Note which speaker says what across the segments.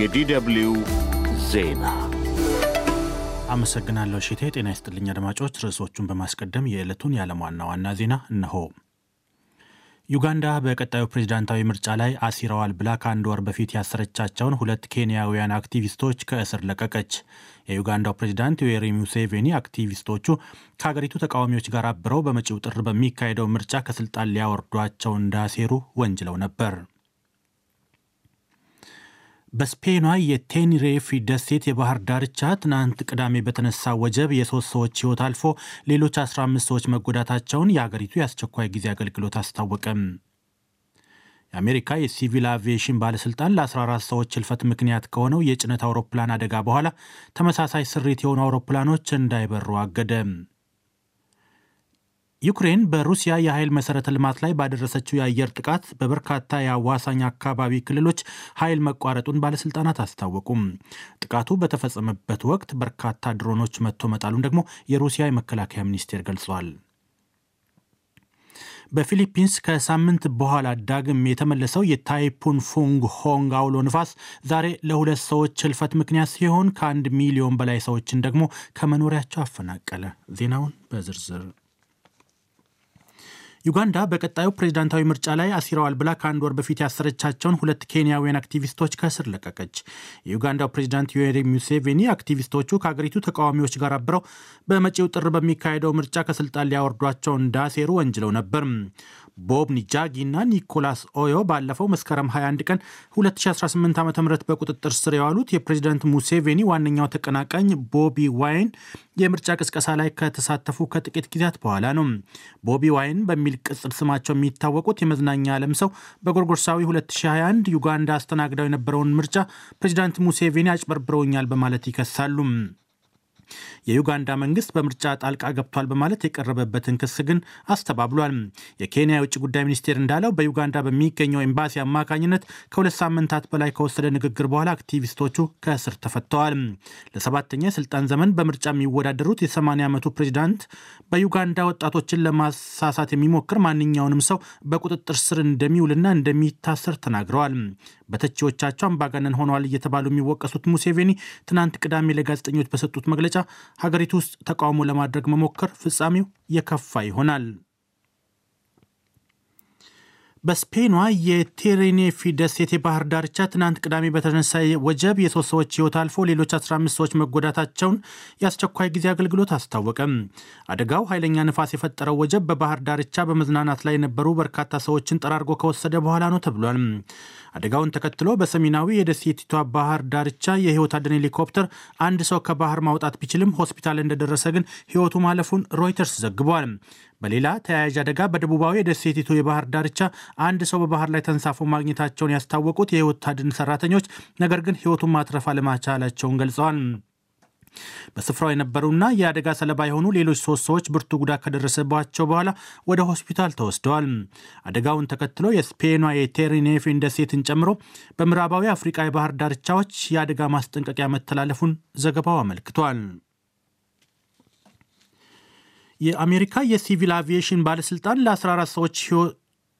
Speaker 1: የዲደብሊው ዜና አመሰግናለሁ ሽቴ። ጤና ይስጥልኝ አድማጮች። ርዕሶቹን በማስቀደም የዕለቱን የዓለም ዋና ዋና ዜና እነሆ። ዩጋንዳ በቀጣዩ ፕሬዝዳንታዊ ምርጫ ላይ አሲረዋል ብላ ከአንድ ወር በፊት ያሰረቻቸውን ሁለት ኬንያውያን አክቲቪስቶች ከእስር ለቀቀች። የዩጋንዳው ፕሬዝዳንት ዩዌሪ ሙሴቬኒ አክቲቪስቶቹ ከሀገሪቱ ተቃዋሚዎች ጋር አብረው በመጪው ጥር በሚካሄደው ምርጫ ከስልጣን ሊያወርዷቸው እንዳሴሩ ወንጅለው ነበር። በስፔኗ የቴኒሬፊ ደሴት የባህር ዳርቻ ትናንት ቅዳሜ በተነሳ ወጀብ የሶስት ሰዎች ህይወት አልፎ ሌሎች 15 ሰዎች መጎዳታቸውን የአገሪቱ የአስቸኳይ ጊዜ አገልግሎት አስታወቀም። የአሜሪካ የሲቪል አቪዬሽን ባለሥልጣን ለ14 ሰዎች ህልፈት ምክንያት ከሆነው የጭነት አውሮፕላን አደጋ በኋላ ተመሳሳይ ስሪት የሆኑ አውሮፕላኖች እንዳይበሩ አገደ። ዩክሬን በሩሲያ የኃይል መሰረተ ልማት ላይ ባደረሰችው የአየር ጥቃት በበርካታ የአዋሳኝ አካባቢ ክልሎች ኃይል መቋረጡን ባለስልጣናት አስታወቁም። ጥቃቱ በተፈጸመበት ወቅት በርካታ ድሮኖች መጥቶ መጣሉን ደግሞ የሩሲያ የመከላከያ ሚኒስቴር ገልጿል። በፊሊፒንስ ከሳምንት በኋላ ዳግም የተመለሰው የታይፑን ፉንግ ሆንግ አውሎ ንፋስ ዛሬ ለሁለት ሰዎች ህልፈት ምክንያት ሲሆን ከአንድ ሚሊዮን በላይ ሰዎችን ደግሞ ከመኖሪያቸው አፈናቀለ። ዜናውን በዝርዝር ዩጋንዳ በቀጣዩ ፕሬዝዳንታዊ ምርጫ ላይ አሲረዋል ብላ ከአንድ ወር በፊት ያሰረቻቸውን ሁለት ኬንያውያን አክቲቪስቶች ከእስር ለቀቀች። የዩጋንዳው ፕሬዝዳንት ዩዌሪ ሙሴቬኒ አክቲቪስቶቹ ከአገሪቱ ተቃዋሚዎች ጋር አብረው በመጪው ጥር በሚካሄደው ምርጫ ከስልጣን ሊያወርዷቸው እንዳሴሩ ወንጅለው ነበር። ቦብ ኒጃጊ እና ኒኮላስ ኦዮ ባለፈው መስከረም 21 ቀን 2018 ዓ ም በቁጥጥር ስር የዋሉት የፕሬዚዳንት ሙሴቬኒ ዋነኛው ተቀናቃኝ ቦቢ ዋይን የምርጫ ቅስቀሳ ላይ ከተሳተፉ ከጥቂት ጊዜያት በኋላ ነው። ቦቢ ዋይን በሚል ቅጽል ስማቸው የሚታወቁት የመዝናኛ ዓለም ሰው በጎርጎርሳዊ 2021 ዩጋንዳ አስተናግደው የነበረውን ምርጫ ፕሬዚዳንት ሙሴቬኒ አጭበርብረውኛል በማለት ይከሳሉ። የዩጋንዳ መንግስት በምርጫ ጣልቃ ገብቷል በማለት የቀረበበትን ክስ ግን አስተባብሏል። የኬንያ የውጭ ጉዳይ ሚኒስቴር እንዳለው በዩጋንዳ በሚገኘው ኤምባሲ አማካኝነት ከሁለት ሳምንታት በላይ ከወሰደ ንግግር በኋላ አክቲቪስቶቹ ከእስር ተፈተዋል። ለሰባተኛ የስልጣን ዘመን በምርጫ የሚወዳደሩት የ80 ዓመቱ ፕሬዚዳንት በዩጋንዳ ወጣቶችን ለማሳሳት የሚሞክር ማንኛውንም ሰው በቁጥጥር ስር እንደሚውልና እንደሚታሰር ተናግረዋል። በተቺዎቻቸው አምባገነን ሆነዋል እየተባሉ የሚወቀሱት ሙሴቬኒ ትናንት ቅዳሜ ለጋዜጠኞች በሰጡት መግለጫ ሀገሪቱ ውስጥ ተቃውሞ ለማድረግ መሞከር ፍጻሜው የከፋ ይሆናል። በስፔኗ የቴሬኔፊ ደሴት የባህር ዳርቻ ትናንት ቅዳሜ በተነሳ ወጀብ የሶስት ሰዎች ህይወት አልፎ ሌሎች 15 ሰዎች መጎዳታቸውን የአስቸኳይ ጊዜ አገልግሎት አስታወቀም። አደጋው ኃይለኛ ንፋስ የፈጠረው ወጀብ በባህር ዳርቻ በመዝናናት ላይ የነበሩ በርካታ ሰዎችን ጠራርጎ ከወሰደ በኋላ ነው ተብሏል። አደጋውን ተከትሎ በሰሜናዊ የደሴቲቷ ባህር ዳርቻ የህይወት አድን ሄሊኮፕተር አንድ ሰው ከባህር ማውጣት ቢችልም ሆስፒታል እንደደረሰ ግን ህይወቱ ማለፉን ሮይተርስ ዘግቧል። በሌላ ተያያዥ አደጋ በደቡባዊ የደሴቲቱ የባህር ዳርቻ አንድ ሰው በባህር ላይ ተንሳፎ ማግኘታቸውን ያስታወቁት የህይወት አድን ሰራተኞች ነገር ግን ህይወቱን ማትረፍ አለማቻላቸውን ገልጸዋል። በስፍራው የነበሩና የአደጋ ሰለባ የሆኑ ሌሎች ሶስት ሰዎች ብርቱ ጉዳት ከደረሰባቸው በኋላ ወደ ሆስፒታል ተወስደዋል። አደጋውን ተከትሎ የስፔኗ የቴሪኔፍ ደሴትን ጨምሮ በምዕራባዊ አፍሪቃ የባህር ዳርቻዎች የአደጋ ማስጠንቀቂያ መተላለፉን ዘገባው አመልክቷል። የአሜሪካ የሲቪል አቪዬሽን ባለስልጣን ለ14 ሰዎች ህይወት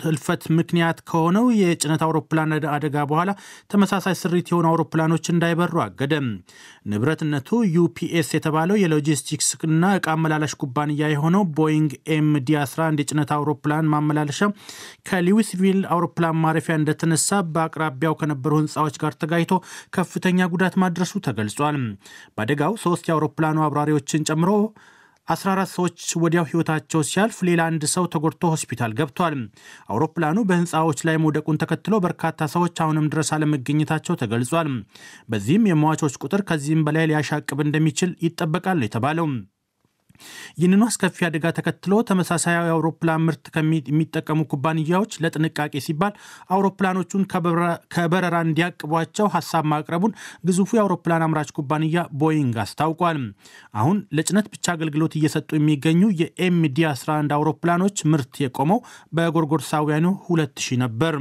Speaker 1: ህልፈት ምክንያት ከሆነው የጭነት አውሮፕላን አደጋ በኋላ ተመሳሳይ ስሪት የሆኑ አውሮፕላኖች እንዳይበሩ አገደም። ንብረትነቱ ዩፒኤስ የተባለው የሎጂስቲክስ እና እቃ አመላላሽ ኩባንያ የሆነው ቦይንግ ኤምዲ 11 የጭነት አውሮፕላን ማመላለሻ ከሊዊስቪል አውሮፕላን ማረፊያ እንደተነሳ በአቅራቢያው ከነበሩ ህንፃዎች ጋር ተጋጭቶ ከፍተኛ ጉዳት ማድረሱ ተገልጿል። በአደጋው ሶስት የአውሮፕላኑ አብራሪዎችን ጨምሮ 14 ሰዎች ወዲያው ህይወታቸው ሲያልፍ ሌላ አንድ ሰው ተጎድቶ ሆስፒታል ገብቷል። አውሮፕላኑ በህንፃዎች ላይ መውደቁን ተከትሎ በርካታ ሰዎች አሁንም ድረስ አለመገኘታቸው ተገልጿል። በዚህም የሟቾች ቁጥር ከዚህም በላይ ሊያሻቅብ እንደሚችል ይጠበቃል የተባለው ይህንኑ አስከፊ አደጋ ተከትሎ ተመሳሳይ የአውሮፕላን ምርት የሚጠቀሙ ኩባንያዎች ለጥንቃቄ ሲባል አውሮፕላኖቹን ከበረራ እንዲያቅቧቸው ሀሳብ ማቅረቡን ግዙፉ የአውሮፕላን አምራች ኩባንያ ቦይንግ አስታውቋል። አሁን ለጭነት ብቻ አገልግሎት እየሰጡ የሚገኙ የኤምዲ 11 አውሮፕላኖች ምርት የቆመው በጎርጎርሳውያኑ 2000 ነበር።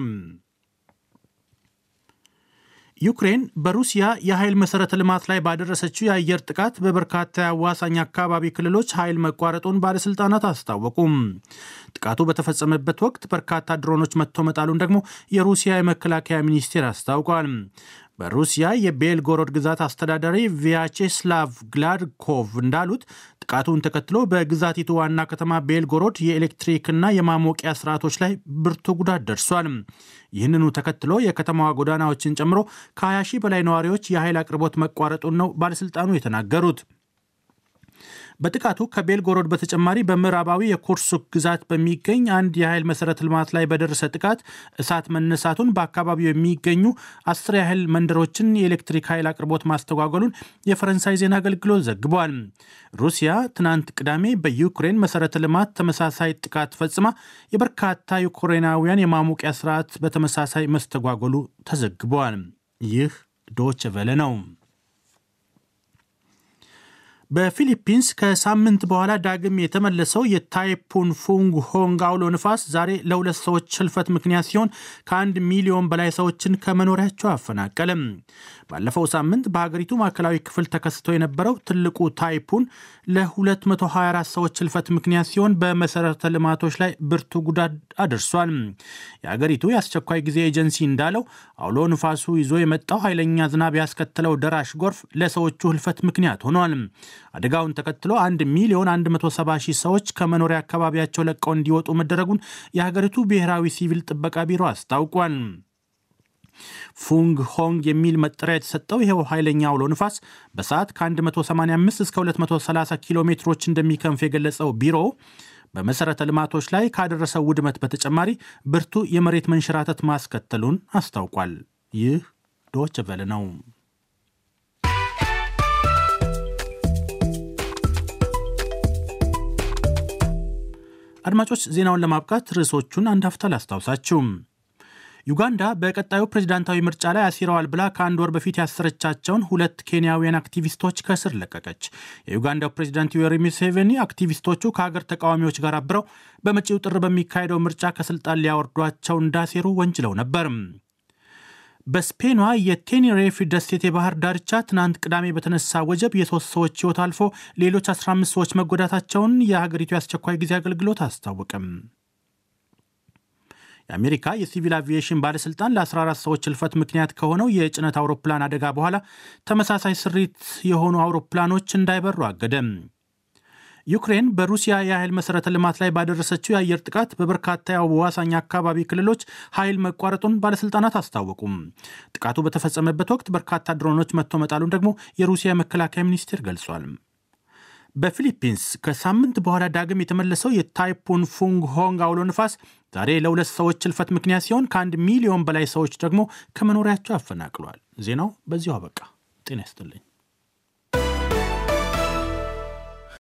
Speaker 1: ዩክሬን በሩሲያ የኃይል መሠረተ ልማት ላይ ባደረሰችው የአየር ጥቃት በበርካታ የአዋሳኝ አካባቢ ክልሎች ኃይል መቋረጡን ባለሥልጣናት አስታወቁም። ጥቃቱ በተፈጸመበት ወቅት በርካታ ድሮኖች መጥቶ መጣሉን ደግሞ የሩሲያ የመከላከያ ሚኒስቴር አስታውቋል። በሩሲያ የቤልጎሮድ ግዛት አስተዳዳሪ ቪያቼስላቭ ግላድኮቭ እንዳሉት ጥቃቱን ተከትሎ በግዛቲቱ ዋና ከተማ ቤልጎሮድ የኤሌክትሪክና የማሞቂያ ስርዓቶች ላይ ብርቱ ጉዳት ደርሷል። ይህንኑ ተከትሎ የከተማዋ ጎዳናዎችን ጨምሮ ከ20 ሺህ በላይ ነዋሪዎች የኃይል አቅርቦት መቋረጡን ነው ባለሥልጣኑ የተናገሩት። በጥቃቱ ከቤልጎሮድ በተጨማሪ በምዕራባዊ የኮርሱክ ግዛት በሚገኝ አንድ የኃይል መሰረተ ልማት ላይ በደረሰ ጥቃት እሳት መነሳቱን፣ በአካባቢው የሚገኙ አስር ያህል መንደሮችን የኤሌክትሪክ ኃይል አቅርቦት ማስተጓጎሉን የፈረንሳይ ዜና አገልግሎት ዘግቧል። ሩሲያ ትናንት ቅዳሜ በዩክሬን መሰረተ ልማት ተመሳሳይ ጥቃት ፈጽማ የበርካታ ዩክሬናውያን የማሞቂያ ስርዓት በተመሳሳይ መስተጓጎሉ ተዘግቧል። ይህ ዶችቨለ ነው። በፊሊፒንስ ከሳምንት በኋላ ዳግም የተመለሰው የታይፑን ፉንግ ሆንግ አውሎ ንፋስ ዛሬ ለሁለት ሰዎች ህልፈት ምክንያት ሲሆን ከአንድ ሚሊዮን በላይ ሰዎችን ከመኖሪያቸው አፈናቀለም። ባለፈው ሳምንት በሀገሪቱ ማዕከላዊ ክፍል ተከስቶ የነበረው ትልቁ ታይፑን ለ224 ሰዎች ህልፈት ምክንያት ሲሆን በመሰረተ ልማቶች ላይ ብርቱ ጉዳት አድርሷል። የሀገሪቱ የአስቸኳይ ጊዜ ኤጀንሲ እንዳለው አውሎ ንፋሱ ይዞ የመጣው ኃይለኛ ዝናብ ያስከተለው ደራሽ ጎርፍ ለሰዎቹ ህልፈት ምክንያት ሆኗል። አደጋውን ተከትሎ 1 ሚሊዮን 170 ሺህ ሰዎች ከመኖሪያ አካባቢያቸው ለቀው እንዲወጡ መደረጉን የሀገሪቱ ብሔራዊ ሲቪል ጥበቃ ቢሮ አስታውቋል። ፉንግ ሆንግ የሚል መጠሪያ የተሰጠው ይኸው ኃይለኛ አውሎ ንፋስ በሰዓት ከ185 እስከ 230 ኪሎ ሜትሮች እንደሚከንፍ የገለጸው ቢሮው በመሠረተ ልማቶች ላይ ካደረሰው ውድመት በተጨማሪ ብርቱ የመሬት መንሸራተት ማስከተሉን አስታውቋል። ይህ ዶችቨለ ነው። አድማጮች ዜናውን ለማብቃት ርዕሶቹን አንድ ሀፍታ ላስታውሳችሁ። ዩጋንዳ በቀጣዩ ፕሬዝዳንታዊ ምርጫ ላይ አሲረዋል ብላ ከአንድ ወር በፊት ያሰረቻቸውን ሁለት ኬንያውያን አክቲቪስቶች ከስር ለቀቀች። የዩጋንዳው ፕሬዝዳንት ዩዌሪ ሙሴቬኒ አክቲቪስቶቹ ከሀገር ተቃዋሚዎች ጋር አብረው በመጪው ጥር በሚካሄደው ምርጫ ከስልጣን ሊያወርዷቸው እንዳሴሩ ወንጅለው ነበር። በስፔኗ የቴኔሬፍ ደሴት የባህር ዳርቻ ትናንት ቅዳሜ በተነሳ ወጀብ የሶስት ሰዎች ህይወት አልፎ ሌሎች 15 ሰዎች መጎዳታቸውን የሀገሪቱ የአስቸኳይ ጊዜ አገልግሎት አስታወቅም። የአሜሪካ የሲቪል አቪዬሽን ባለስልጣን ለ14 ሰዎች እልፈት ምክንያት ከሆነው የጭነት አውሮፕላን አደጋ በኋላ ተመሳሳይ ስሪት የሆኑ አውሮፕላኖች እንዳይበሩ አገደም ዩክሬን በሩሲያ የኃይል መሰረተ ልማት ላይ ባደረሰችው የአየር ጥቃት በበርካታ የአዋሳኝ አካባቢ ክልሎች ኃይል መቋረጡን ባለስልጣናት አስታወቁም። ጥቃቱ በተፈጸመበት ወቅት በርካታ ድሮኖች መጥቶ መጣሉን ደግሞ የሩሲያ መከላከያ ሚኒስቴር ገልጿል። በፊሊፒንስ ከሳምንት በኋላ ዳግም የተመለሰው የታይፑን ፉንግ ሆንግ አውሎ ንፋስ ዛሬ ለሁለት ሰዎች እልፈት ምክንያት ሲሆን ከአንድ ሚሊዮን በላይ ሰዎች ደግሞ ከመኖሪያቸው አፈናቅሏል። ዜናው በዚሁ አበቃ። ጤና ይስጥልኝ።